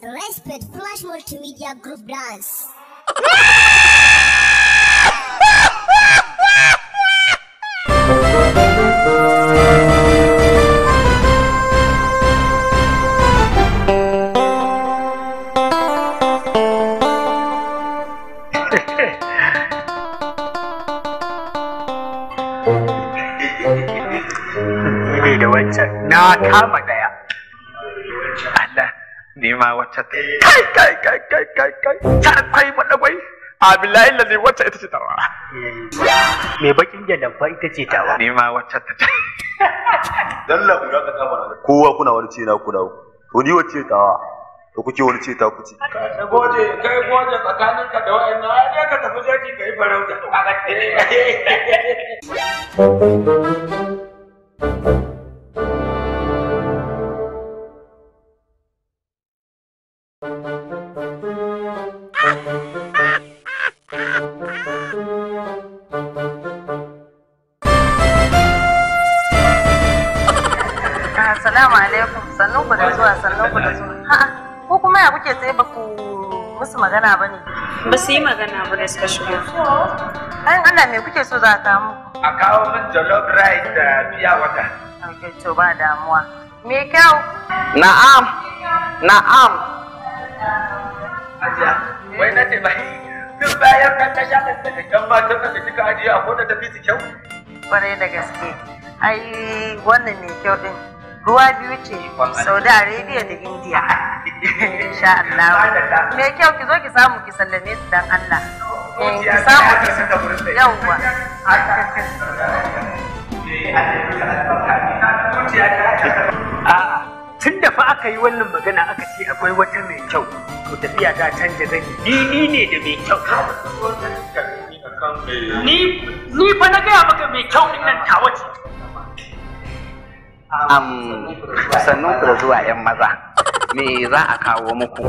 Respect Flash Multimedia Group Dance. Maybe the winter. No, I can't like that. Ni ma wacce ta kai kai kai kai kai kai tarkwai madagwai abillahi lalle wacce ita ce ta wa? me bakin jallan fa ita ce ta wa? Ni ma wacce ta Dan dalla ku ka kama kowa kuna wani ce na kuna to ni wacce wa? to kuke wani ce ta kuce ka goje kai goje tsakanin ka da na. ai dai ka tafi zaki kai farauta Assalamu alaikum sannan ku da zuwa ku da zuwa. Ko kuma ya kuke ba ku musu magana ba ne? Ba su yi magana ba da suka shigo. Ayin Allah me kuke so za a kamu? A kawo min jollof rice da wata. Ok, to ba damuwa. Me kyau? Na'am. Na'am. wai na ce bai duk bayan ka ta shaɗa daga kyan matan da suka ajiye a kona tafi su kyau kwarai da gaske ai wannan ne kyau din ruwa biyu ce saudi arabia da india insha allah me kyau ki zo ki samu ki sallame su dan allah eh, ki samu ki su yawwa a'a tun da fa aka yi wannan magana aka ce akwai wata mai kyau ku tafiya ta canja gani. ni ni ne da mai kyau ni ni fa na gaya maka mai kyau din nan tawa ce am sannan ku da zuwa yan maza me za a kawo muku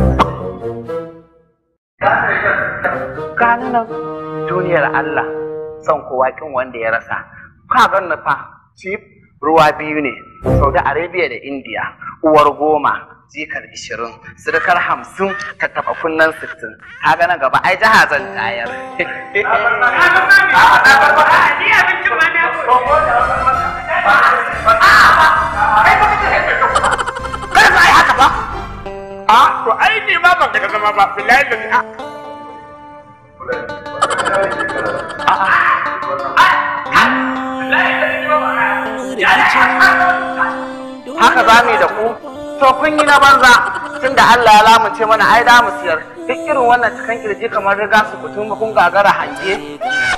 kanna duniyar Allah son kowa kin wanda ya rasa ka ganna fa ruwa biyu ne saudi arabia da india uwar goma jikar ishirin surukar hamsin ta taɓa kunnan sittin ta gana gaba ai jiha zan tayar mu da ku to kun yi na banza tun da Allah ya lamunce mana ai da mu siyar duk irin wannan cikin kirji kamar riga su kutum kun gagara hange